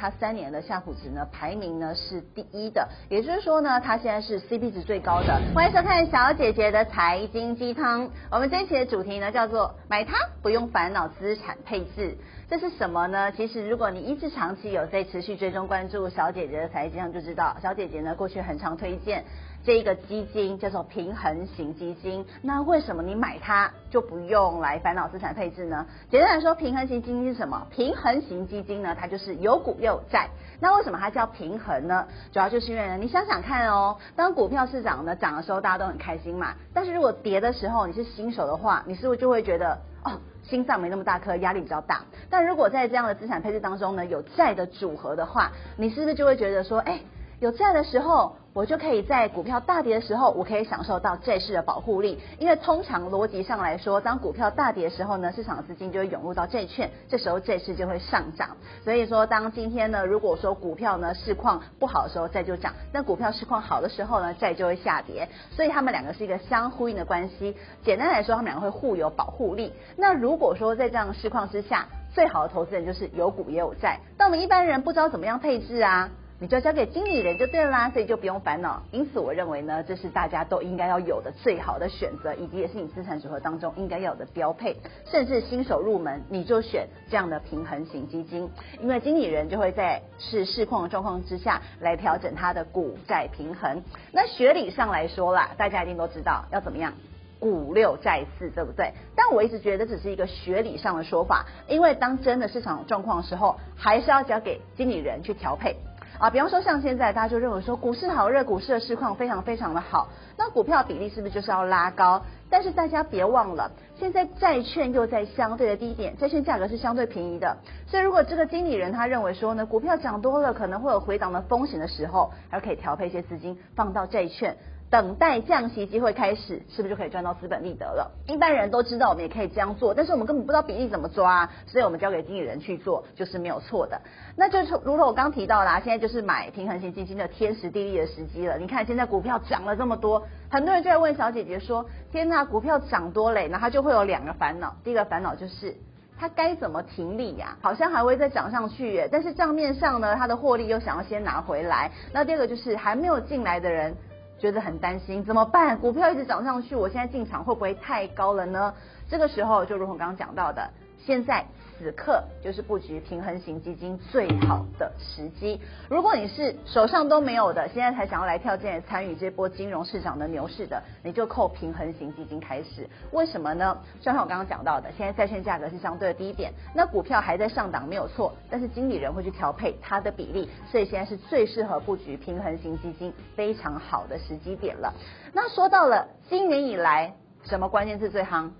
它三年的夏普值呢，排名呢是第一的，也就是說呢，它現在是 CP 值最高的。歡迎收看小姐姐的財經雞湯，我們這一期的主題呢叫做買它不用煩惱資產配置，這是什麼呢？其實如果你一直長期有在持續追蹤關注小姐姐的財經雞湯，就知道小姐姐呢過去很常推薦。這一個基金叫做平衡型基金，那為什麼你買它就不用來煩惱資產配置呢？簡單來說，平衡型基金是什麼？平衡型基金呢，它就是有股又有債。那為什麼它叫平衡呢？主要就是因為呢，你想想看哦，當股票市場呢漲的時候，大家都很開心嘛。但是如果跌的時候，你是新手的話，你是不是就會覺得哦，心臟沒那麼大顆，壓力比較大？但如果在這樣的資產配置當中呢，有債的組合的話，你是不是就會覺得說，哎，有債的時候，我就可以在股票大跌的時候，我可以享受到債市的保護力，因為通常邏輯上來說，當股票大跌的時候呢，市場資金就會湧入到債券，這時候債市就會上漲。所以說，當今天呢，如果說股票呢市況不好的時候，債就漲；那股票市況好的時候呢，債就會下跌。所以他們兩個是一個相呼應的關係。簡單來說，他們兩個會互有保護力。那如果說在這樣的市況之下，最好的投資人就是有股也有債。但我們一般人不知道怎麼樣配置啊。你就交給經理人就對了啦，所以就不用煩惱。因此，我認為呢，這是大家都應該要有的最好的選擇，以及也是你資產組合當中應該要有的標配。甚至新手入門，你就選這樣的平衡型基金，因為經理人就會在是市況的狀況之下來調整他的股債平衡。那學理上來說啦，大家一定都知道要怎麼樣，股六債四，對不對？但我一直覺得只是一個學理上的說法，因為當真的市場狀況的時候，還是要交給經理人去調配。啊，比方說像現在，大家就認為說股市好熱，股市的市況非常非常的好，那股票比例是不是就是要拉高？但是大家別忘了，現在債券又在相對的低點，債券價格是相對便宜的，所以如果這個經理人他認為說呢，股票漲多了可能會有回檔的風險的時候，還可以調配一些資金放到債券。等待降息機會開始，是不是就可以賺到資本利得了？一般人都知道我們也可以這樣做，但是我們根本不知道比例怎麼抓，所以我們交給經理人去做就是沒有錯的。那就是，如果我剛提到啦，現在就是買平衡型基金的天時地利的時機了。你看現在股票漲了這麼多，很多人就在問小姐姐說：“天吶，股票漲多累！”然後他就會有兩個煩惱，第一個煩惱就是他該怎麼停利呀？好像還會再漲上去耶，但是賬面上呢，他的獲利又想要先拿回來。那第二個就是還沒有進來的人，覺得很擔心，怎麼辦？股票一直漲上去，我現在進場會不會太高了呢？這個時候就如同剛剛講到的，現在。此刻就是佈局平衡型基金最好的時機。如果你是手上都沒有的，現在才想要來跳進來參與這波金融市場的牛市的，你就扣平衡型基金開始。為什麼呢？就像我剛剛講到的，現在債券價格是相對的低點，那股票還在上檔沒有錯，但是經理人會去調配它的比例，所以現在是最適合佈局平衡型基金非常好的時機點了。那說到了今年以來，什麼關鍵字最夯？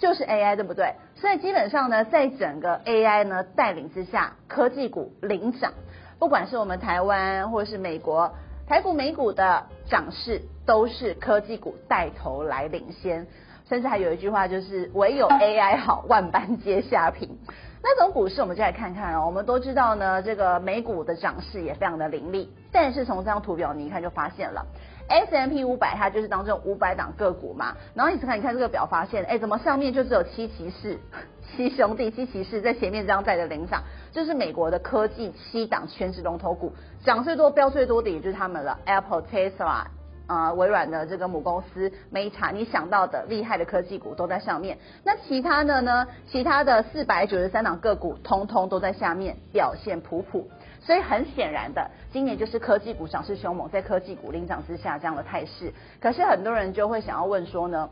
就是 AI 對不對？所以基本上呢，在整個 AI 呢帶領之下，科技股領漲。不管是我們台灣或者是美國，台股美股的漲勢都是科技股帶頭來領先。甚至還有一句話就是“唯有 AI 好，萬般皆下品”。那種股市我們就來看看哦。我們都知道呢，這個美股的漲勢也非常的凌厲。但是從這張圖表，你一看就發現了。S&P 五百，它就是當中五百檔個股嘛。然後你只看，你看這個表，發現，哎、欸，怎麼上面就只有七騎士、七兄弟、七騎士在前面這樣在的領漲，就是美國的科技七檔全是龍頭股，漲最多、飆最多的也就是他們了。Apple Tesla,、呃、Tesla、啊微軟的這個母公司，Meta，你想到的厲害的科技股都在上面。那其他的呢？其他的四百九十三檔個股，通通都在下面，表現普普。所以很顯然的，今年就是科技股漲勢兇猛，在科技股領漲之下這樣的態勢。可是很多人就會想要問說呢，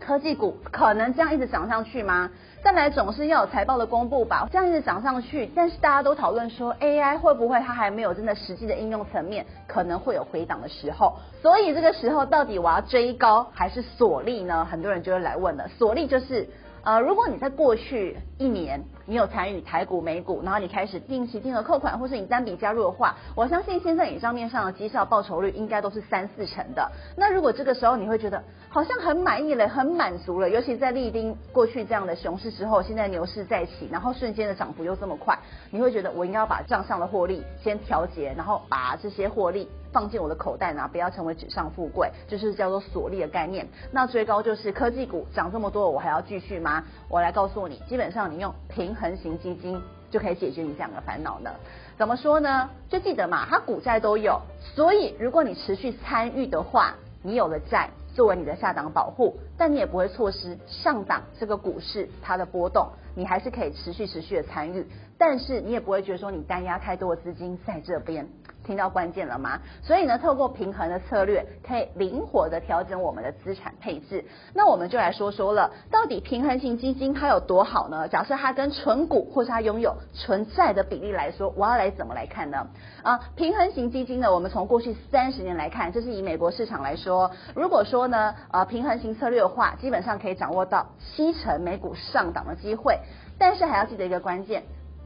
科技股可能這樣一直漲上去嗎？再來總是要有財報的公布吧，這樣一直漲上去，但是大家都討論說 AI 會不會它還沒有真的實際的應用層面，可能會有回檔的時候。所以這個時候到底我要追高還是鎖利呢？很多人就會來問了，鎖利就是呃，如果你在過去一年。你有參與台股、美股，然後你開始定期定額扣款，或是你單筆加入的話，我相信現在你賬面上的績效報酬率應該都是三四成的。那如果這個時候你會覺得好像很滿意了、很滿足了，尤其在歷經過去這樣的熊市之後，現在牛市再起，然後瞬間的漲幅又這麼快，你會覺得我應該要把賬上的獲利先調節，然後把這些獲利放進我的口袋呢、啊，不要成為紙上富貴，就是叫做鎖利的概念。那最高就是科技股漲這麼多，我還要繼續嗎？我來告訴你，基本上你用平。衡型基金就可以解決你這樣的煩惱了。怎麼說呢？就記得嘛，它股債都有，所以如果你持續參與的話，你有了債作為你的下檔保護，但你也不會錯失上檔這個股市它的波動，你還是可以持續持續的參與，但是你也不會覺得說你單押太多的資金在這邊。聽到關鍵了嗎？所以呢，透過平衡的策略，可以靈活地調整我們的資產配置。那我們就來說說了，到底平衡型基金它有多好呢？假設它跟存股或是它擁有存債的比例來說，我要來怎麼來看呢？啊，平衡型基金呢，我們從過去三十年來看，這是以美國市場來說，如果說呢，呃、啊，平衡型策略的話，基本上可以掌握到七成美股上檔的機會，但是還要記得一個關鍵。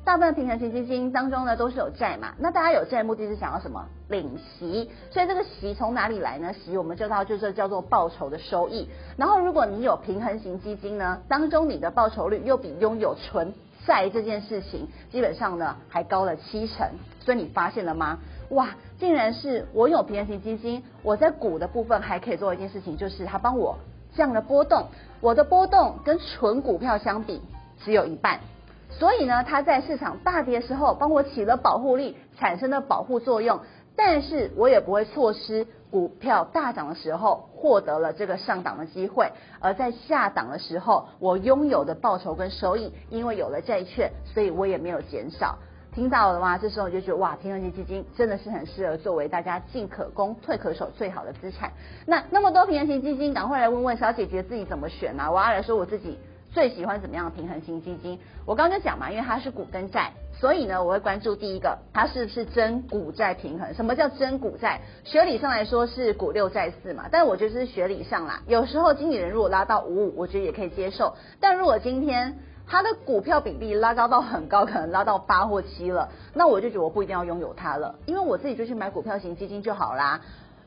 大部分平衡型基金當中呢，都是有債嘛。那大家有債的目的是想要什麼？領息。所以這個息從哪裡來呢？息我們就到就是叫做報酬的收益。然後如果你有平衡型基金呢，當中你的報酬率又比擁有純債這件事情，基本上呢還高了七成。所以你發現了嗎？哇，竟然是我有平衡型基金，我在股的部分還可以做一件事情，就是它幫我降了波動。我的波動跟純股票相比，只有一半。所以呢，它在市場大跌的時候幫我起了保護力，產生了保護作用。但是我也不會錯失股票大漲的時候，獲得了這個上漲的機會。而在下檔的時候，我擁有的報酬跟收益，因為有了債券，所以我也沒有減少。聽到了嗎？這時候我就覺得哇，平衡型基金真的是很適合作為大家進可攻退可守最好的資產。那那麼多平衡型基金，趕快來問問小姐姐自己怎麼選呢？啊？我要來說我自己。最喜歡怎麼樣的平衡型基金？我剛剛講嘛，因為它是股跟債，所以呢，我會關注第一個，它是不是真股債平衡？什麼叫真股債？學理上來說是股六債四嘛，但我覺得是學理上啦。有時候經理人如果拉到五五，我覺得也可以接受。但如果今天它的股票比例拉高到很高，可能拉到八或七了，那我就覺得我不一定要擁有它了，因為我自己就去買股票型基金就好啦。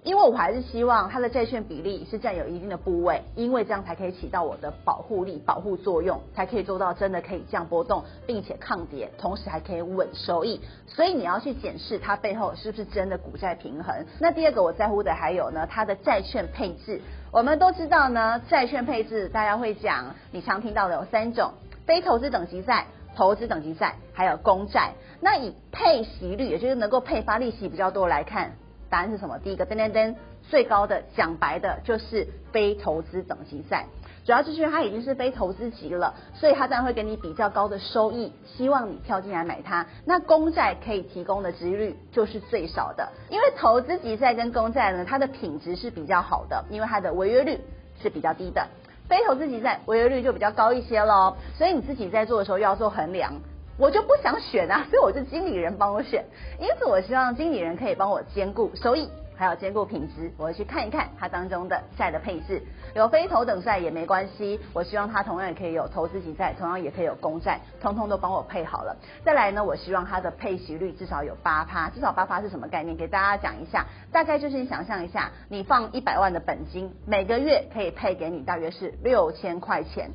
因為我還是希望它的債券比例是占有一定的部位，因為這樣才可以起到我的保護力、保護作用，才可以做到真的可以降波動，並且抗跌，同時還可以穩收益。所以你要去檢視它背後是不是真的股債平衡。那第二個我在乎的還有呢，它的債券配置。我們都知道呢，債券配置大家會講，你常聽到的有三種：非投資等級債、投資等級債，還有公債。那以配息率，也就是能夠配發利息比較多來看。答案是什麼？第一個噔噔噔，最高的講白的就是非投資等級債。主要就是它已經是非投資級了，所以它才會給你比較高的收益，希望你跳進來買它。那公債可以提供的殖利率就是最少的，因為投資級債跟公債呢，它的品質是比較好的，因為它的違約率是比較低的，非投資級債違約率就比較高一些咯，所以你自己在做的時候要做衡量。我就不想選啊，所以我就經理人幫我選。因此，我希望經理人可以幫我兼顧收益，還有兼顧品質。我去看一看它當中的債的配置，有非投等債，也沒關係。我希望它同樣也可以有投資級債，同樣也可以有公債，通通都幫我配好了。再來呢，我希望它的配息率至少有八趴，至少八趴是什麼概念？給大家講一下，大概就是你想象一下，你放一百萬的本金，每個月可以配給你大約是六千塊錢。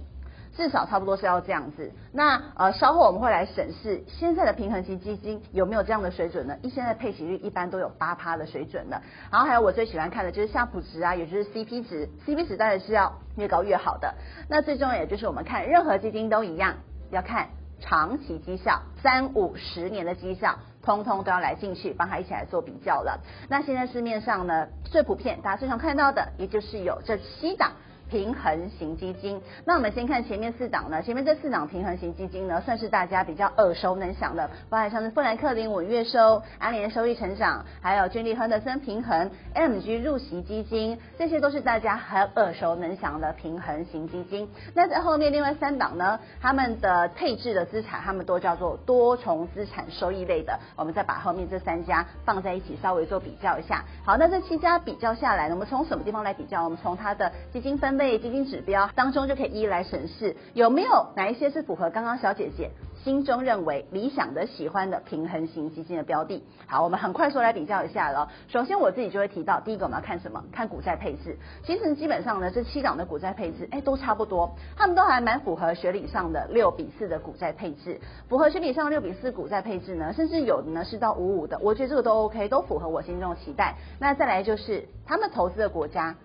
至少差不多是要這樣子，那呃，稍後我們會來審視現在的平衡型基金有沒有這樣的水準呢？因現在配息率一般都有八趴的水準了。然後還有我最喜歡看的就是夏普值啊，也就是 C P 值，C P 值當然是要越高越好的。那最重要也就是我們看任何基金都一樣，要看長期績效，三五十年的績效，通通都要來進去幫他一起來做比較了。那現在市面上呢最普遍大家最常看到的，也就是有這七檔。平衡型基金，那我們先看前面四檔呢。前面這四檔平衡型基金呢，算是大家比較耳熟能詳的，包含像是富蘭克林穩月收、安聯收益成長，還有駿利亨德森平衡、M G 入息基金，這些都是大家很耳熟能詳的平衡型基金。那在後面另外三檔呢，他們的配置的資產，他們都叫做多重資產收益類的。我們再把後面這三家放在一起，稍微做比較一下。好，那這七家比較下來呢，我們從什麼地方來比較？我們從它的基金分。類基金指標當中，就可以一一來審視有沒有哪一些是符合剛剛小姐姐心中認為理想的、喜歡的平衡型基金的標的。好，我們很快速來比較一下了。首先，我自己就會提到，第一個我們要看什麼？看股債配置。其實基本上呢，這七檔的股債配置，哎、欸，都差不多。他們都還蠻符合學理上的六比四的股債配置，符合學理上的六比四股債配置呢，甚至有的呢是到五五的。我覺得這個都 OK，都符合我心中的期待。那再來就是他們投資的國家。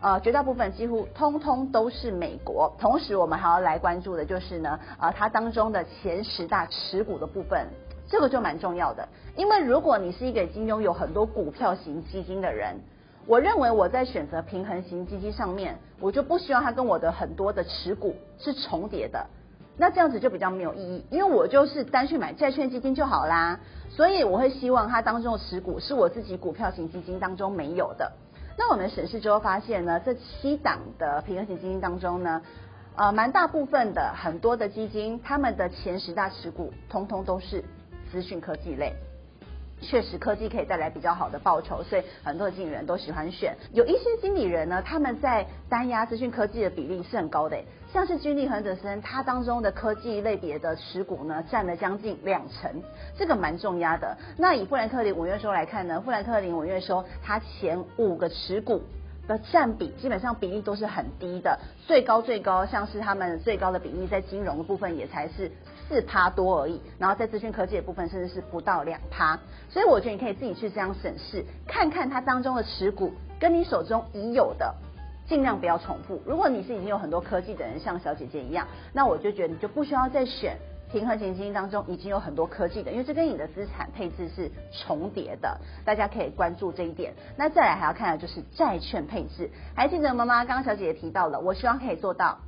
呃，絕大部分幾乎通通都是美國。同時，我們還要來關注的就是呢，呃，它當中的前十大持股的部分，這個就蠻重要的。因為如果你是一個已經擁有很多股票型基金的人，我認為我在選擇平衡型基金上面，我就不希望它跟我的很多的持股是重疊的。那這樣子就比較沒有意義，因為我就是單去買債券基金就好啦。所以我會希望它當中的持股是我自己股票型基金當中沒有的。那我們審視之後發現呢，這七檔的平衡型基金當中呢，呃，蠻大部分的很多的基金，他們的前十大持股，通通都是資訊科技類。確實，科技可以帶來比較好的報酬，所以很多的經理人都喜歡選。有一些經理人呢，他們在單押資訊科技的比例是很高的，像是駿利亨德森，他當中的科技類別的持股呢，佔了將近兩成，這個蠻重押的。那以富蘭克林穩月收來看呢，富蘭克林穩月收，他前五個持股。的佔比基本上比例都是很低的，最高最高像是他們最高的比例在金融的部分也才是四趴多而已，然後在資訊科技的部分甚至是不到兩趴，所以我覺得你可以自己去這樣審視，看看它當中的持股跟你手中已有的，盡量不要重複。如果你是已經有很多科技的人，像小姐姐一樣，那我就覺得你就不需要再選。平衡型基金當中已經有很多科技的，因為這跟你的資產配置是重疊的，大家可以關注這一點。那再來還要看的就是債券配置。還記得媽媽剛剛小姐姐提到了，我希望可以做到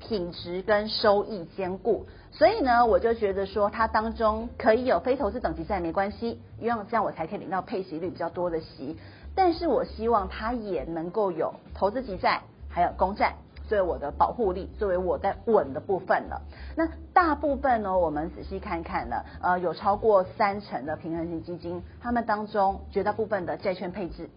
品質跟收益兼顧，所以呢，我就覺得說它當中可以有非投資等級債沒關係，因為這樣我才可以領到配息率比較多的息。但是我希望它也能夠有投資級債，還有公債。所以我的保護力作為我的穩的部分了。那大部分呢，我們仔細看看呢，呃，有超過三成的平衡型基金，他們當中絕大部分的債券配置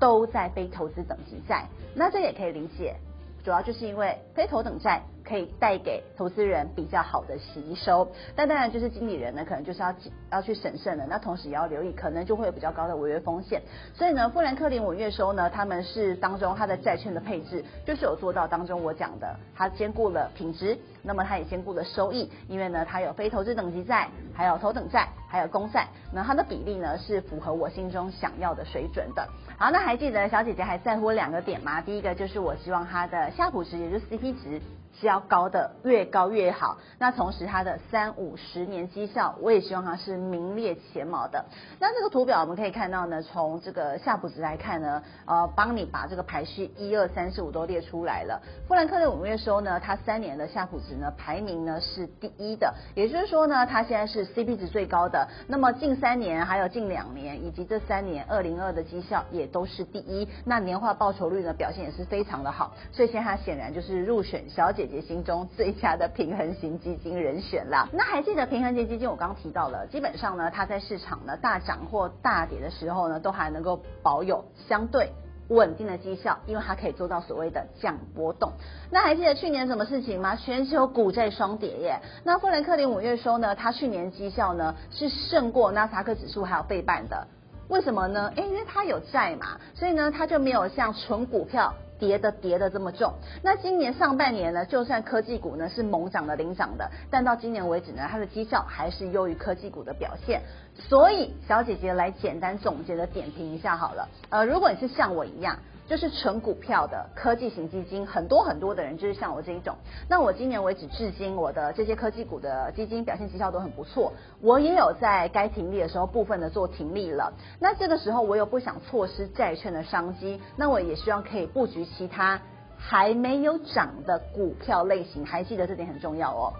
都在非投資等級債，那這也可以理解。主要就是因為非投等債可以帶給投資人比較好的吸收，但當然就是經理人呢，可能就是要要去審慎的，那同時也要留意，可能就會有比較高的違約風險。所以呢，富蘭克林穩月收呢，他們是當中他的債券的配置就是有做到當中我講的，它兼顧了品質，那麼它也兼顧了收益，因為呢它有非投資等級債，還有投等債，還有公債，那它的比例呢是符合我心中想要的水準的。好，那還記得小姐姐還在乎兩個點嗎？第一個就是我希望她的夏普值，也就是 CP 值。是要高的，越高越好。那同時它的三五十年績效，我也希望它是名列前茅的。那這個圖表我們可以看到呢，從這個夏普值來看呢，呃，幫你把這個排序一二三四五都列出來了。富蘭克林五月收呢，它三年的夏普值呢排名呢是第一的，也就是說呢，它現在是 CP 值最高的。那麼近三年還有近兩年以及這三年二零二二的績效也都是第一。那年化報酬率呢表現也是非常的好。所以現在它顯然就是入選小姐姐姐心中最佳的平衡型基金人選啦。那還記得平衡型基金我剛剛提到了，基本上呢，它在市場呢大漲或大跌的時候呢，都還能夠保有相對穩定的績效，因為它可以做到所謂的降波動。那還記得去年什麼事情嗎？全球股債雙跌耶。那富蘭克林穩月收呢，它去年績效呢是勝過納斯達克指數還有倍半的。為什麼呢？因為它有債嘛，所以呢，它就沒有像純股票跌的跌的這麼重。那今年上半年呢，就算科技股呢是猛漲的領漲的，但到今年為止呢，它的績效還是優於科技股的表現。所以，小姐姐來簡單總結的點評一下好了。呃，如果你是像我一樣。就是純股票的科技型基金，很多很多的人就是像我這一種。那我今年為止，至今我的這些科技股的基金表現績效都很不錯。我也有在該停利的時候部分的做停利了。那這個時候我又不想錯失債券的商機，那我也希望可以布局其他還沒有漲的股票類型。還記得這點很重要哦。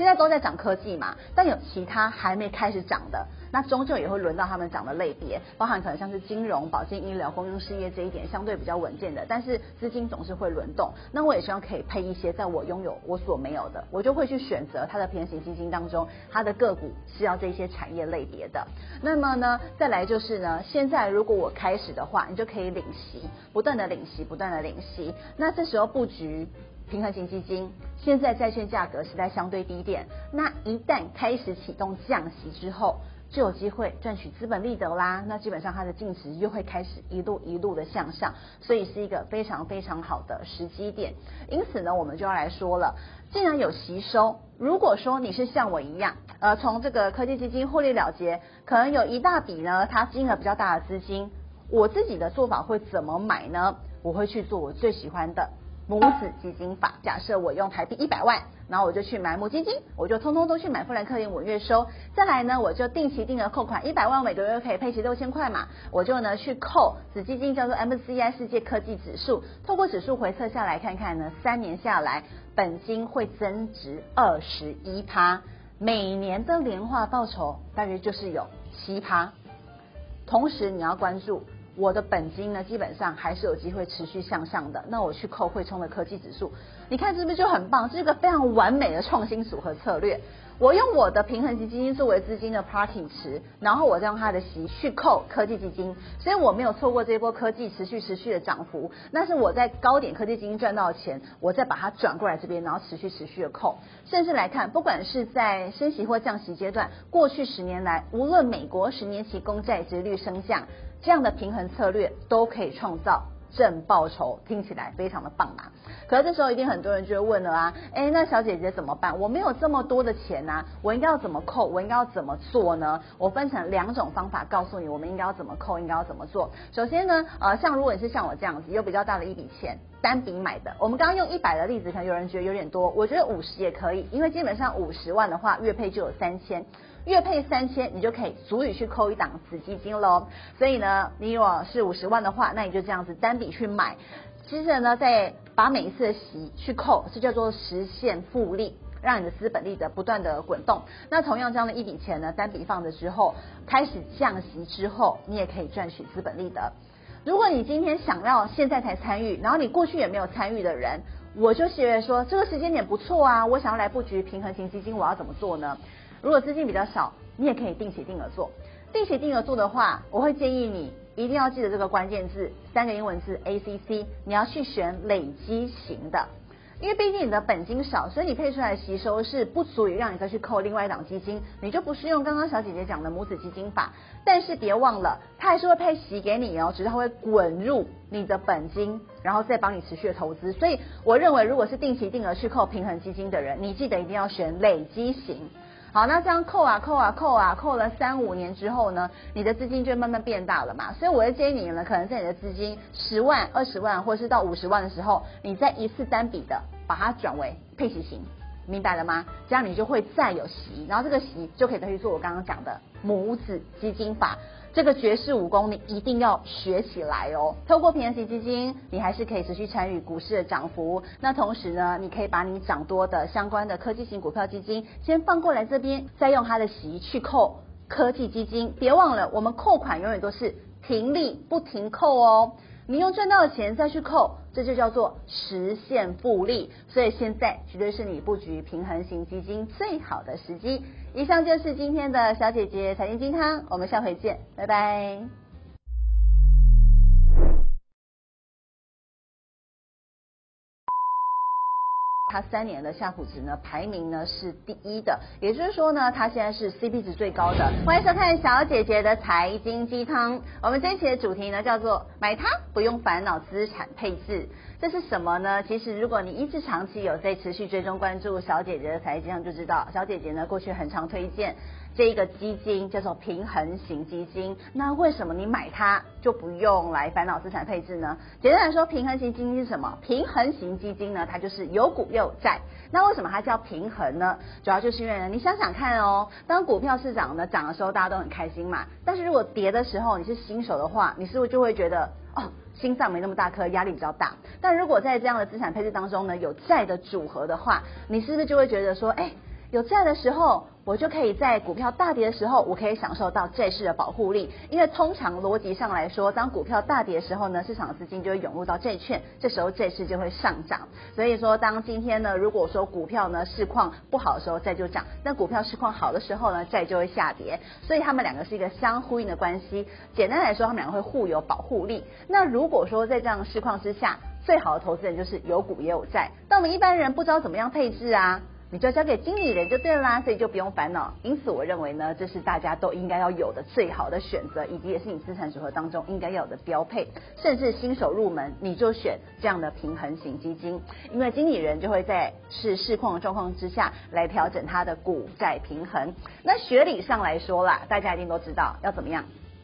現在都在漲科技嘛，但有其他還沒開始漲的，那終究也會輪到他們漲的類別，包含可能像是金融、保健、醫療、公用事業這一點相對比較穩健的，但是資金總是會輪動，那我也希望可以配一些在我擁有我所沒有的，我就會去選擇它的平衡基金當中，它的個股是要這些產業類別的。那麼呢，再來就是呢，現在如果我開始的話，你就可以領息，不斷的領息，不斷的領息，那這時候布局。平衡型基金現在債券價格是在相對低點，那一旦開始啟動降息之後，就有機會賺取資本利得啦。那基本上它的淨值又會開始一路一路的向上，所以是一個非常非常好的時機點。因此呢，我們就要來說了，既然有吸收，如果說你是像我一樣，呃，從這個科技基金獲利了結，可能有一大筆呢，它金額比較大的資金，我自己的做法會怎麼買呢？我會去做我最喜歡的。母子基金法，假設我用台幣一百萬，然後我就去買母基金，我就通通都去買富蘭克林穩月收。再來呢，我就定期定額扣款一百萬，每個月可以配齊六千塊嘛，我就呢去扣子基金叫做 MSCI 世界科技指數，透過指數回測下來看看呢，三年下來本金會增值二十一趴，每年的年化報酬大約就是有七趴。同時你要關注。我的本金呢，基本上還是有機會持續向上的。那我去扣匯充的科技指數，你看是不是就很棒？這是一個非常完美的創新組合策略。我用我的平衡型基金作為資金的 parting 池，然後我再用它的息去扣科技基金，所以我沒有錯過這波科技持續持續的漲幅。那是我在高點科技基金賺到的錢，我再把它轉過來這邊，然後持續持續的扣。甚至來看，不管是在升息或降息階段，過去十年來，無論美國十年期公債殖率升降，這樣的平衡策略都可以創造正報酬，聽起來非常的棒嘛。可是這時候一定很多人就會問了啊，哎，那小姐姐怎麼辦？我沒有這麼多的錢啊，我應該要怎麼扣？我應該要怎麼做呢？我分成兩種方法告訴你，我們應該要怎麼扣，應該要怎麼做。首先呢，呃，像如果你是像我這樣子有比較大的一筆錢，單筆買的，我們剛剛用一百的例子，可能有人覺得有點多，我覺得五十也可以，因為基本上五十萬的話，月配就有三千。月配三千，你就可以足以去扣一檔子基金嘍。所以呢，你如果是五十萬的話，那你就這樣子單筆去買，接着呢，再把每一次的息去扣，是叫做實現複利，讓你的資本利得不斷的滾動。那同樣這樣的一筆錢呢，單筆放著之後開始降息之後，你也可以賺取資本利得。如果你今天想要現在才參與，然後你過去也沒有參與的人，我就是覺得說這個時間點不錯啊，我想要來布局平衡型基金，我要怎麼做呢？如果資金比較少，你也可以定期定額做。定期定額做的話，我會建議你一定要記得這個關鍵字，三個英文字 ACC，你要去選累積型的。因為畢竟你的本金少，所以你配出來的吸收是不足以讓你再去扣另外一檔基金，你就不是用剛剛小姐姐講的母子基金法。但是別忘了，它還是會配息給你哦，只是它會滾入你的本金，然後再幫你持續的投資。所以我認為，如果是定期定額去扣平衡基金的人，你記得一定要選累積型。好，那這樣扣啊扣啊扣啊，扣了三五年之後呢，你的資金就慢慢變大了嘛。所以我會建議你呢，可能在你的資金十萬、二十萬，或是到五十萬的時候，你再一次單筆的把它轉為配息型，明白了嗎？這樣你就會再有息，然後這個息就可以去做我剛剛講的母子基金法。這個絕世武功你一定要學起來哦！透過平衡型基金，你還是可以持續參與股市的漲幅。那同時呢，你可以把你漲多的相關的科技型股票基金先放過來這邊，再用它的息去扣科技基金。別忘了，我們扣款永遠都是停利不停扣哦。你用賺到的錢再去扣，這就叫做實現複利。所以現在絕對是你布局平衡型基金最好的時機。以上就是今天的小姐姐財經基湯，我們下回見，拜拜。它三年的夏普值呢，排名呢是第一的，也就是說呢，它現在是 CP 值最高的。歡迎收看小姐姐的財經基湯，我們這一期的主題呢叫做買它，不用煩惱資產配置，這是什麼呢？其實如果你一直長期有在持續追蹤關注小姐姐的財經基湯，就知道小姐姐呢過去很常推薦。這一個基金叫做平衡型基金，那為什麼你買它就不用來煩惱資產配置呢？簡單來說，平衡型基金是什麼？平衡型基金呢，它就是有股又有債。那為什麼它叫平衡呢？主要就是因為呢，你想想看哦，當股票市場呢漲的時候，大家都很開心嘛。但是如果跌的時候，你是新手的話，你是不是就會覺得哦，心臟沒那麼大顆，壓力比較大。但如果在這樣的資產配置當中呢，有債的組合的話，你是不是就會覺得說，哎，有債的時候，我就可以在股票大跌的時候，我可以享受到債市的保護力，因為通常邏輯上來說，當股票大跌的時候呢，市場資金就會湧入到債券，這時候債市就會上漲。所以說，當今天呢，如果說股票呢市況不好的時候，債就漲；那股票市況好的時候呢，債就會下跌。所以他們兩個是一個相呼應的關係。簡單來說，他們兩個會互有保護力。那如果說在這樣的市況之下，最好的投資人就是有股也有債。但我們一般人不知道怎麼樣配置啊。你就交給經理人就對了啦，所以就不用煩惱。因此，我認為呢，這是大家都應該要有的最好的選擇，以及也是你資產組合當中應該要有的標配。甚至新手入門，你就選這樣的平衡型基金，因為經理人就會在視市況的狀況之下來調整它的股債平衡。那學理上來說啦，大家一定都知道要怎麼樣，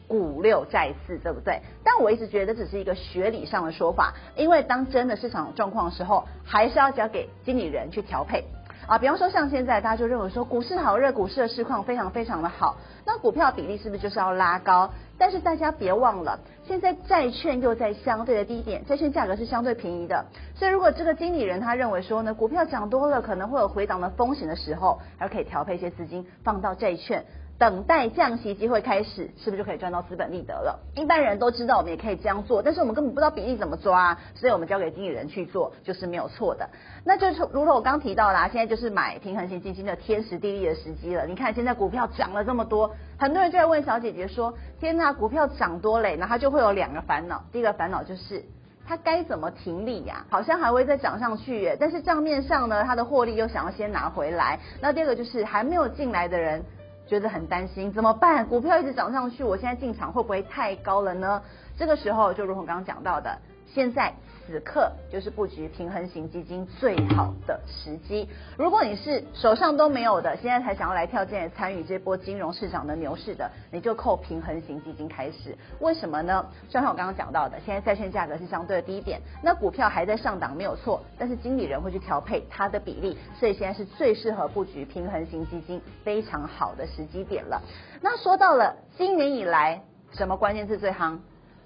股六債四，對不對？但我一直覺得只是一個學理上的說法，因為當真的市場狀況的時候，還是要交給經理人去調配。啊，比方說像現在大家就認為說股市好熱，股市的市況非常非常的好，那股票比例是不是就是要拉高？但是大家別忘了，現在債券又在相對的低點，債券價格是相對便宜的，所以如果這個經理人他認為說呢，股票漲多了可能會有回檔的風險的時候，還可以調配一些資金放到債券。等待降息機會開始，是不是就可以賺到資本利得了？一般人都知道我們也可以這樣做，但是我們根本不知道比例怎麼抓啊，所以我們交給經理人去做就是沒有錯的。那就是，如果我剛提到啦，現在就是買平衡型基金的天時地利的時機了。你看現在股票漲了這麼多，很多人就在問小姐姐說：“天吶，股票漲多嘞！”那他就會有兩個煩惱，第一個煩惱就是他該怎麼停利呀？好像還會再漲上去耶，但是賬面上呢，他的獲利又想要先拿回來。那第二個就是還沒有進來的人。覺得很擔心，怎麼辦？股票一直漲上去，我現在進場會不會太高了呢？這個時候就如同剛剛講到的。現在此刻就是布局平衡型基金最好的時機。如果你是手上都沒有的，現在才想要來跳進來參與這波金融市場的牛市的，你就扣平衡型基金開始。為什麼呢？就像我剛剛講到的，現在債券價格是相對的低點，那股票還在上檔沒有錯，但是經理人會去調配它的比例，所以現在是最適合布局平衡型基金非常好的時機點了。那說到了今年以來，什麼關鍵字最夯？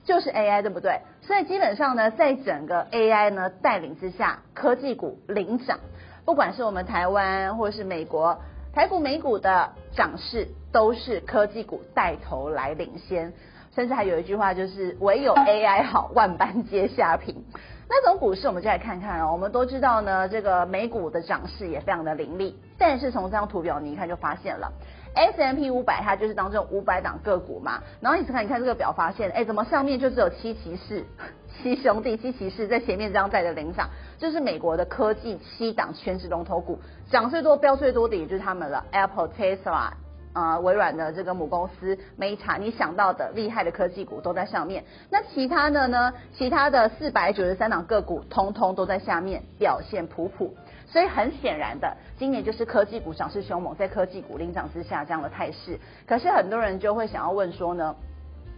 就是 AI 對不對？所以基本上呢，在整個 AI 呢帶領之下，科技股領漲。不管是我們台灣或者是美國，台股美股的漲勢都是科技股帶頭來領先。甚至還有一句話就是“唯有 AI 好，萬般皆下品”。那種股市我們就來看看哦。我們都知道呢，這個美股的漲勢也非常的凌厲。但是從這張圖表，你一看就發現了。S & P 五百，它就是當中五百檔個股嘛。然後你看，你看這個表，發現，哎、欸，怎麼上面就只有七騎士、七兄弟、七騎士在前面張在的領漲，就是美國的科技七檔權值龍頭股，漲最多、飆最多的也就是他們了。Apple、Tesla、呃、啊，微軟的這個母公司，Meta，你想到的厲害的科技股都在上面。那其他的呢？其他的四百九十三檔個股，通通都在下面表現普普。所以很顯然的，今年就是科技股漲勢兇猛，在科技股領漲之下這樣的態勢。可是很多人就會想要問說呢，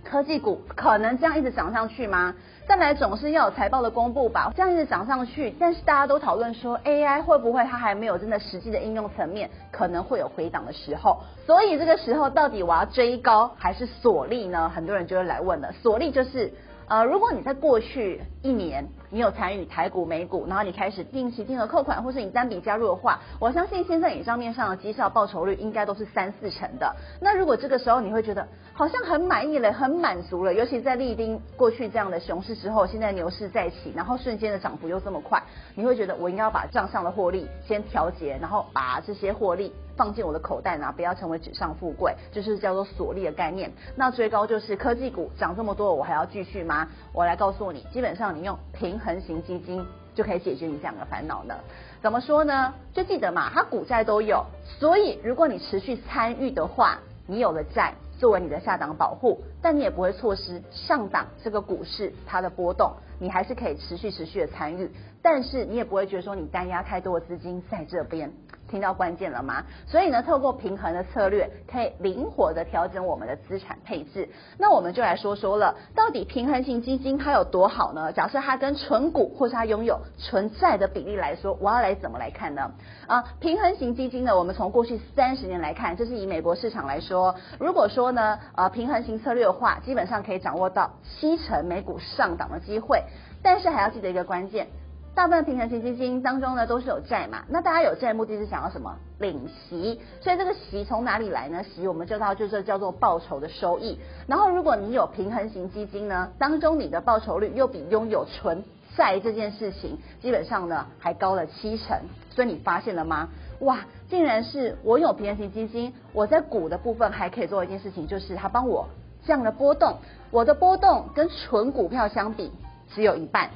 科技股可能這樣一直漲上去嗎？再來總是要有財報的公布吧，這樣一直漲上去，但是大家都討論說 AI 會不會它還沒有真的實際的應用層面，可能會有回檔的時候。所以這個時候到底我要追高還是鎖利呢？很多人就會來問了，鎖利就是呃，如果你在過去一年。你有參與台股、美股，然後你開始定期定額扣款，或是你單筆加入的話，我相信現在你賬面上的績效報酬率應該都是三四成的。那如果這個時候你會覺得好像很滿意了、很滿足了，尤其在歷經過去這樣的熊市之後，現在牛市再起，然後瞬間的漲幅又這麼快，你會覺得我應該要把賬上的獲利先調節，然後把這些獲利放進我的口袋呢、啊，不要成為紙上富貴，就是叫做鎖利的概念。那追高就是科技股漲這麼多，我還要繼續嗎？我來告訴你，基本上你用平。衡型基金就可以解決你這樣的煩惱呢。怎麼說呢？就記得嘛，它股債都有，所以如果你持續參與的話，你有了債作為你的下檔保護，但你也不會錯失上檔這個股市它的波動，你還是可以持續持續的參與，但是你也不會覺得說你單壓太多的資金在這邊。聽到關鍵了嗎？所以呢，透過平衡的策略，可以靈活地調整我們的資產配置。那我們就來說說了，到底平衡型基金它有多好呢？假設它跟存股或是它擁有存債的比例來說，我要來怎麼來看呢？啊，平衡型基金呢，我們從過去三十年來看，這是以美國市場來說，如果說呢，呃、啊，平衡型策略的話，基本上可以掌握到七成美股上檔的機會，但是還要記得一個關鍵。大部分平衡型基金當中呢，都是有債嘛。那大家有債的目的是想要什麼？領息。所以這個息從哪裡來呢？息我們就套就是叫做報酬的收益。然後如果你有平衡型基金呢，當中你的報酬率又比擁有純債這件事情，基本上呢還高了七成。所以你發現了嗎？哇，竟然是我有平衡型基金，我在股的部分還可以做一件事情，就是它幫我降了波動。我的波動跟純股票相比，只有一半。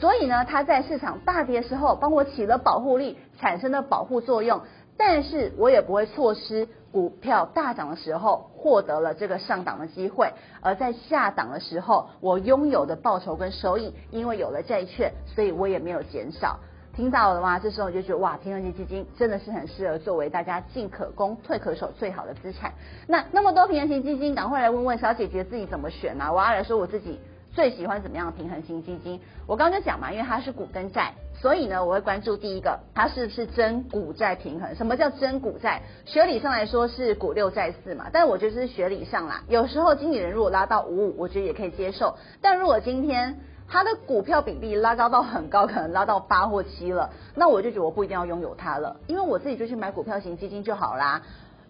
所以呢，它在市場大跌的時候幫我起了保護力，產生了保護作用。但是我也不會錯失股票大漲的時候獲得了這個上檔的機會，而在下檔的時候，我擁有的報酬跟收益，因為有了債券，所以我也沒有減少。聽到了嗎？這時候我就覺得，哇，平衡型基金真的是很適合作為大家進可攻退可守最好的資產。那那麼多平衡型基金，趕快來問問小姐姐自己怎麼選嘛、啊。我要來說我自己。最喜歡怎麼樣的平衡型基金？我剛剛講嘛，因為它是股跟債，所以呢，我會關注第一個，它是不是真股債平衡？什麼叫真股債？學理上來說是股六債四嘛，但我覺得是學理上啦。有時候經理人如果拉到五五，我覺得也可以接受。但如果今天它的股票比例拉高到很高，可能拉到八或七了，那我就覺得我不一定要擁有它了，因為我自己就去買股票型基金就好啦。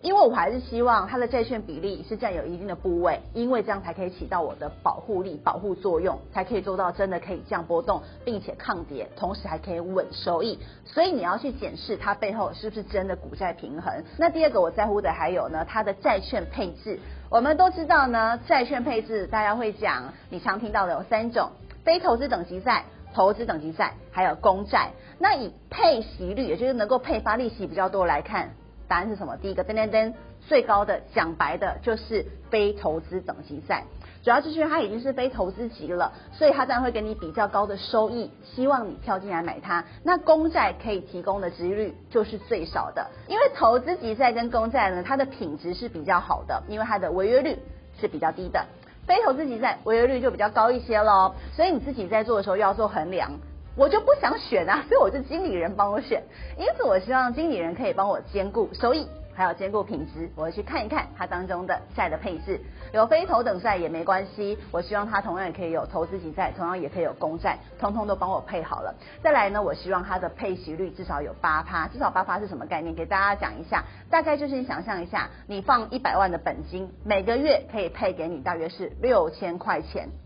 因為我還是希望它的債券比例是佔有一定的部位，因為這樣才可以起到我的保護力、保護作用，才可以做到真的可以降波動，並且抗跌，同時還可以穩收益。所以你要去檢視它背後是不是真的股債平衡。那第二個我在乎的還有呢，它的債券配置。我們都知道呢，債券配置大家會講，你常聽到的有三種：非投資等級債、投資等級債，還有公債。那以配息率，也就是能夠配發利息比較多來看。答案是什麼？第一個噔噔噔，最高的講白的就是非投資等級債，主要就是它已經是非投資級了，所以它當然會給你比較高的收益，希望你跳進來買它。那公債可以提供的殖利率就是最少的，因為投資級債跟公債呢，它的品質是比較好的，因為它的違約率是比較低的，非投資級債違約率就比較高一些咯，所以你自己在做的時候要做衡量。我就不想選啊，所以我就是經理人幫我選。因此，我希望經理人可以幫我兼顧收益，還有兼顧品質。我去看一看它當中的債的配置，有非投等債也沒關係。我希望它同樣也可以有投資級債，同樣也可以有公債，通通都幫我配好了。再來呢，我希望它的配息率至少有八趴，至少八趴是什麼概念？給大家講一下，大概就是你想象一下，你放一百萬的本金，每個月可以配給你大約是六千塊錢。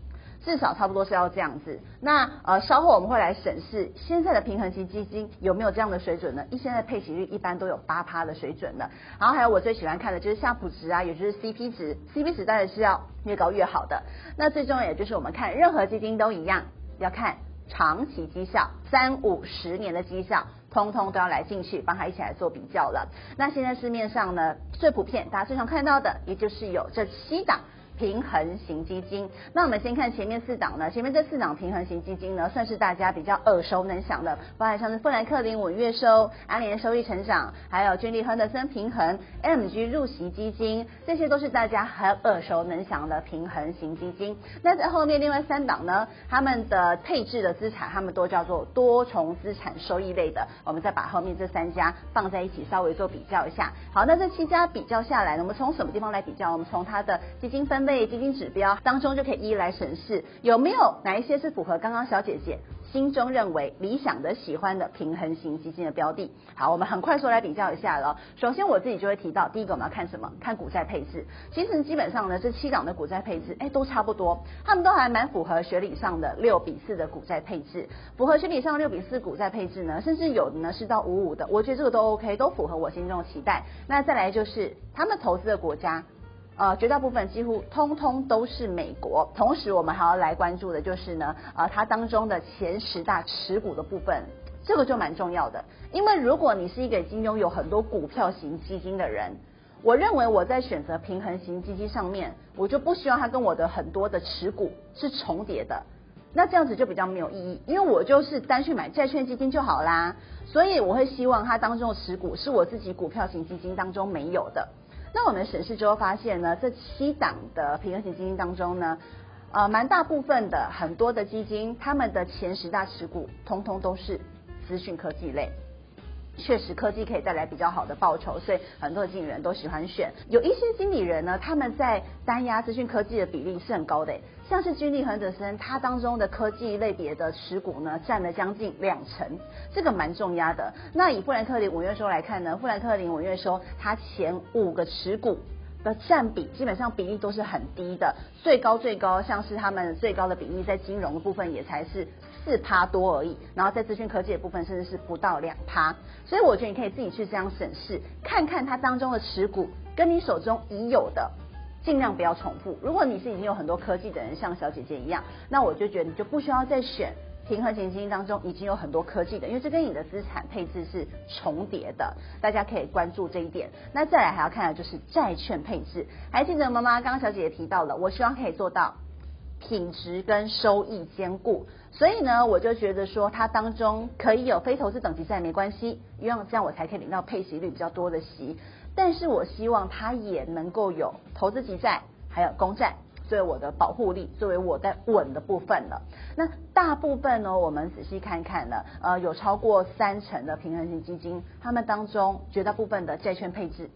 至少差不多是要這樣子。那呃，稍後我們會來審視現在的平衡型基金有沒有這樣的水準呢？一現在配息率一般都有八趴的水準了。然後還有我最喜歡看的就是夏普值啊，也就是 CP 值，CP 值當然是要越高越好的。那最重要也就是我們看任何基金都一樣，要看長期績效，三五十年的績效，通通都要來進去幫它一起來做比較了。那現在市面上呢，最普遍大家最常看到的，也就是有這七檔。平衡型基金，那我們先看前面四檔呢。前面這四檔平衡型基金呢，算是大家比較耳熟能詳的，包含像是富蘭克林穩月收、安聯收益成長，還有君利亨德森平衡、M G 入息基金，這些都是大家很耳熟能詳的平衡型基金。那在後面另外三檔呢，他們的配置的資產，他們都叫做多重資產收益類的。我們再把後面這三家放在一起，稍微做比較一下。好，那這七家比較下來，我們從什麼地方來比較？我們從它的基金分，分類基金指標當中就可以一一來審視，有沒有哪一些是符合剛剛小姐姐心中認為理想的、喜歡的平衡型基金的標的。好，我們很快速來比較一下了。首先我自己就會提到，第一個我們要看什麼？看股債配置。其實基本上呢，這七檔的股債配置，哎，都差不多。他們都還蠻符合學理上的六比四的股債配置，符合學理上的六比四股債配置呢，甚至有的呢是到五五的。我覺得這個都 OK，都符合我心中的期待。那再來就是他們投資的國家。呃，絕大部分幾乎通通都是美國。同時，我們還要來關注的就是呢，呃，它當中的前十大持股的部分，這個就蠻重要的。因為如果你是一個已經擁有很多股票型基金的人，我認為我在選擇平衡型基金上面，我就不希望它跟我的很多的持股是重疊的，那這樣子就比較沒有意義，因為我就是單去買債券基金就好啦。所以我會希望它當中的持股是我自己股票型基金當中沒有的。那我們審視之後發現呢，這七檔的平衡型基金當中呢，呃，蠻大部分的很多的基金，他們的前十大持股，通通都是資訊科技類。確實，科技可以帶來比較好的報酬，所以很多的經理人都喜歡選。有一些經理人呢，他們在單壓資訊科技的比例是很高的，像是駿利亨德森，它當中的科技類別的持股呢，佔了將近兩成，這個蠻重壓的。那以富蘭克林穩月收來看呢，富蘭克林穩月收，它前五個持股，的占比基本上比例都是很低的，最高最高像是他們最高的比例在金融的部分也才是四趴多而已，然後在資訊科技的部分甚至是不到兩趴，所以我覺得你可以自己去這樣審視，看看它當中的持股跟你手中已有的，儘量不要重複。如果你是已經有很多科技的人，像小姐姐一樣，那我就覺得你就不需要再選。平衡型基金當中已經有很多科技的，因為這跟你的資產配置是重疊的，大家可以關注這一點。那再來還要看的就是債券配置。還記得媽媽剛剛小姐姐提到了，我希望可以做到品質跟收益兼顧，所以呢，我就覺得說它當中可以有非投資等級債沒關係，因為這樣我才可以領到配息率比較多的息。但是我希望它也能夠有投資級債，還有公債。對我的保護力，作為我在穩的部分了。那大部分呢，我們仔細看看呢，呃，有超過三成的平衡型基金，他們當中絕大部分的債券配置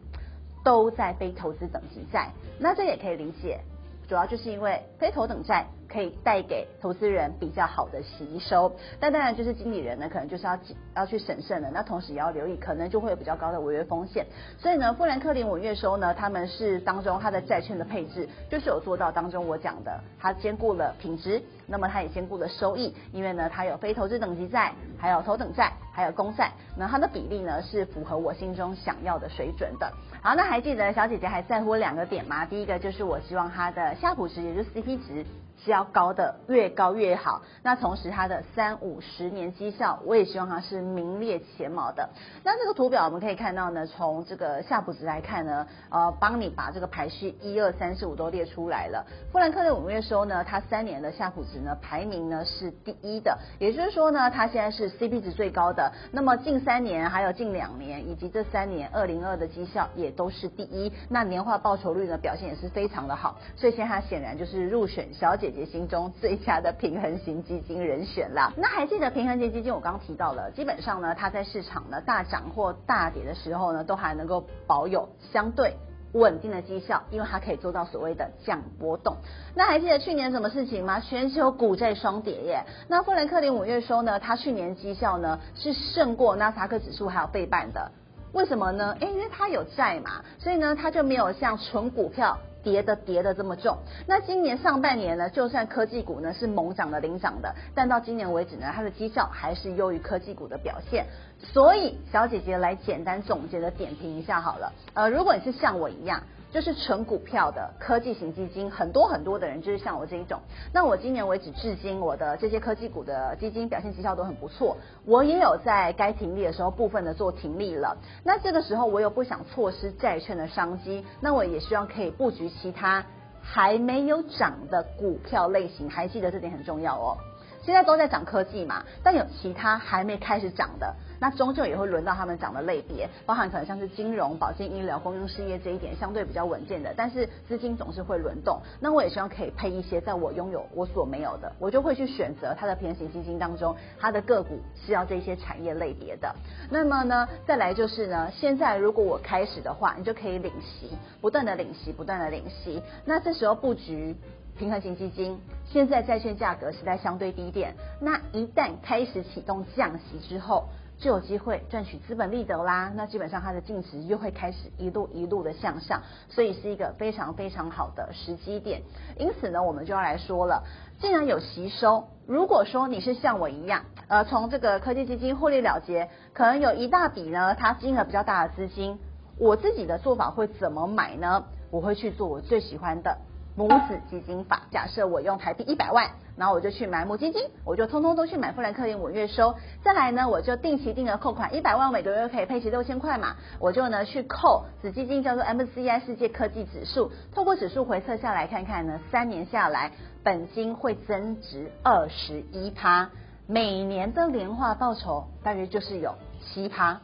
都在非投資等級債。那這也可以理解。主要就是因為非投等債可以帶給投資人比較好的吸收，但當然就是經理人呢，可能就是要要去審慎的，那同時也要留意，可能就會有比較高的違約風險。所以呢，富蘭克林穩月收呢，他們是當中它的債券的配置就是有做到當中我講的，它兼顧了品質，那麼它也兼顧了收益因為呢它有非投資等級債，還有投等債，還有公債，那它的比例呢是符合我心中想要的水準的。好，那還記得小姐姐還在乎我兩個點嗎？第一個就是我希望她的夏普值，也就是 CP 值。是要高的，越高越好。那同時，它的三五十年績效，我也希望它是名列前茅的。那這個圖表我們可以看到呢，從這個夏普值來看呢，呃，幫你把這個排序一二三四五都列出來了。富蘭克林五月收呢，它三年的夏普值呢排名呢是第一的，也就是說呢，它現在是 CP 值最高的。那麼近三年還有近兩年以及這三年2022的績效也都是第一。那年化報酬率呢表現也是非常的好。所以現在它顯然就是入選小姐。姐姐心中最佳的平衡型基金人選啦。那還記得平衡型基金我剛剛提到了，基本上呢，它在市場呢大漲或大跌的時候呢，都還能夠保有相對穩定的績效，因為它可以做到所謂的降波動。那還記得去年什麼事情嗎？全球股債雙跌耶。那富蘭克林五月收呢，它去年績效呢是勝過納斯達克指數還有倍半的。為什麼呢？哎，因為它有債嘛，所以呢，它就沒有像純股票跌的跌的這麼重。那今年上半年呢，就算科技股呢是猛漲的領漲的，但到今年為止呢，它的績效還是優於科技股的表現。所以，小姐姐來簡單總結的點評一下好了。呃，如果你是像我一樣。就是純股票的科技型基金，很多很多的人就是像我這一種。那我今年為止，至今我的這些科技股的基金表現績效都很不錯。我也有在該停利的時候部分的做停利了。那這個時候我又不想錯失債券的商機，那我也希望可以布局其他還沒有漲的股票類型。還記得這點很重要哦。現在都在講科技嘛，但有其他還沒開始漲的，那終究也會輪到他們漲的類別，包含可能像是金融、保健、醫療、公用事業這一點相對比較穩健的，但是資金總是會輪動，那我也希望可以配一些在我擁有我所沒有的，我就會去選擇它的平衡型基金當中，它的個股是要這些產業類別的。那麼呢，再來就是呢，現在如果我開始的話，你就可以領息，不斷的領息，不斷的領息，那這時候布局，平衡型基金現在債券價格是在相對低點，那一旦開始啟動降息之後，就有機會賺取資本利得啦。那基本上它的淨值又會開始一路一路的向上，所以是一個非常非常好的時機點。因此呢，我們就要來說了，既然有吸收，如果說你是像我一樣，呃，從這個科技基金獲利了結，可能有一大筆呢，它金額比較大的資金，我自己的做法會怎麼買呢？我會去做我最喜歡的。母子基金法，假設我用台幣一百萬，然後我就去買母基金，我就通通都去買富蘭克林穩月收。再來呢，我就定期定額扣款一百萬，每個月可以配齊六千塊嘛，我就呢去扣子基金叫做 MSCI 世界科技指數，透過指數回測下來看看呢，三年下來本金會增值二十一趴，每年的年化報酬大約就是有七趴。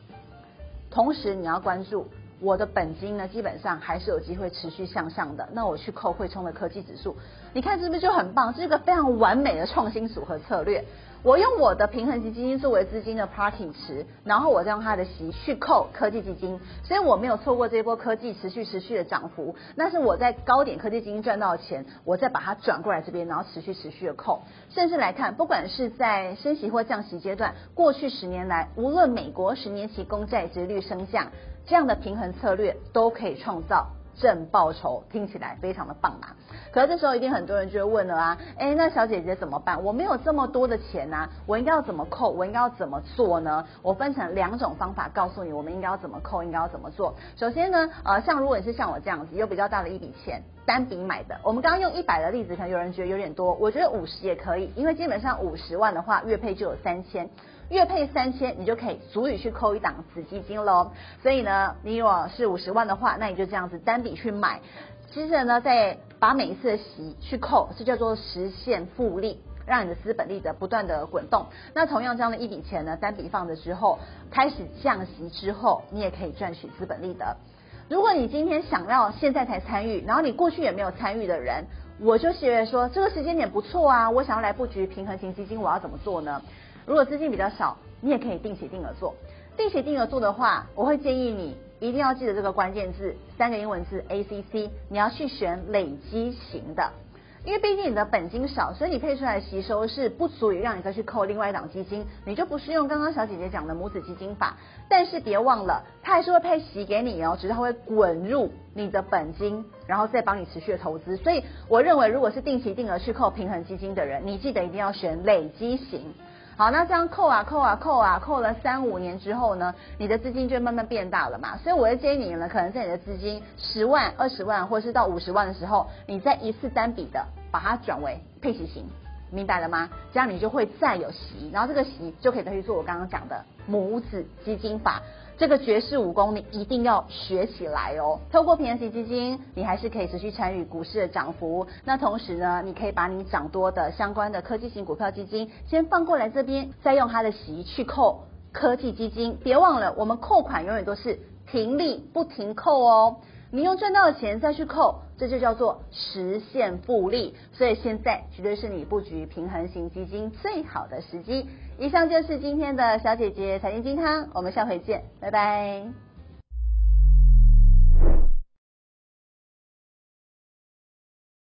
同時你要關注。我的本金呢，基本上還是有機會持續向上的。那我去扣會衝的科技指數，你看是不是就很棒？這是一個非常完美的創新組合策略。我用我的平衡基金作為資金的 parking 池，然後我再用它的息去扣科技基金，所以我沒有錯過這波科技持續持續的漲幅。那是我在高點科技基金賺到的錢，我再把它轉過來這邊，然後持續持續的扣。甚至來看，不管是在升息或降息階段，過去十年來，無論美國十年期公債殖率升降，這樣的平衡策略都可以創造正報酬，聽起來非常的棒啊！可是這時候一定很多人就會問了啊，哎，那小姐姐怎麼辦？我沒有這麼多的錢啊，我應該要怎麼扣？我應該要怎麼做呢？我分成兩種方法告訴你，我們應該要怎麼扣，應該要怎麼做。首先呢，呃，像如果你是像我這樣子，有比較大的一筆錢，單筆買的，我們剛剛用一百的例子，可能有人覺得有點多，我覺得五十也可以，因為基本上五十萬的話，月配就有三千。月配三千，你就可以足以去扣一檔子基金嘍。所以呢，你如果是五十萬的話，那你就這樣子單筆去買，接着呢再把每一次的息去扣，這叫做實現複利，讓你的資本利得不斷的滾動。那同樣這樣的一筆錢呢，單筆放著之後開始降息之後，你也可以賺取資本利得。如果你今天想要現在才參與，然後你過去也沒有參與的人，我就是覺得說，這個時間點不錯啊，我想要來佈局平衡型基金，我要怎麼做呢？如果資金比較少，你也可以定期定額做。定期定額做的話，我會建議你一定要記得這個關鍵字，三個英文字 ACC，你要去選累積型的。因為畢竟你的本金少，所以你配出來的息收是不足以讓你再去扣另外一檔基金，你就不是用剛剛小姐姐講的母子基金法。但是別忘了，它還是會配息給你哦，只是它會滾入你的本金，然後再幫你持續的投資。所以我認為，如果是定期定額去扣平衡基金的人，你記得一定要選累積型。好，那這樣扣啊扣啊扣啊，扣了三五年之後呢，你的資金就慢慢變大了嘛。所以我會建議你呢，可能在你的資金十萬、二十萬或是到五十萬的時候，你再一次單筆的把它轉為配息型，明白了嗎？這樣你就會再有息，然後這個息就可以等於做我剛剛講的母子基金法。這個絕世武功你一定要學起來哦！透過平衡型基金，你還是可以持續參與股市的漲幅。那同時呢，你可以把你漲多的相關的科技型股票基金先放過來這邊，再用它的息去扣科技基金。別忘了，我們扣款永遠都是停利不停扣哦。你用賺到的錢再去扣，這就叫做實現複利。所以現在絕對是你佈局平衡型基金最好的時機。以上就是今天的小姐姐財經基湯，我們下回見，拜拜。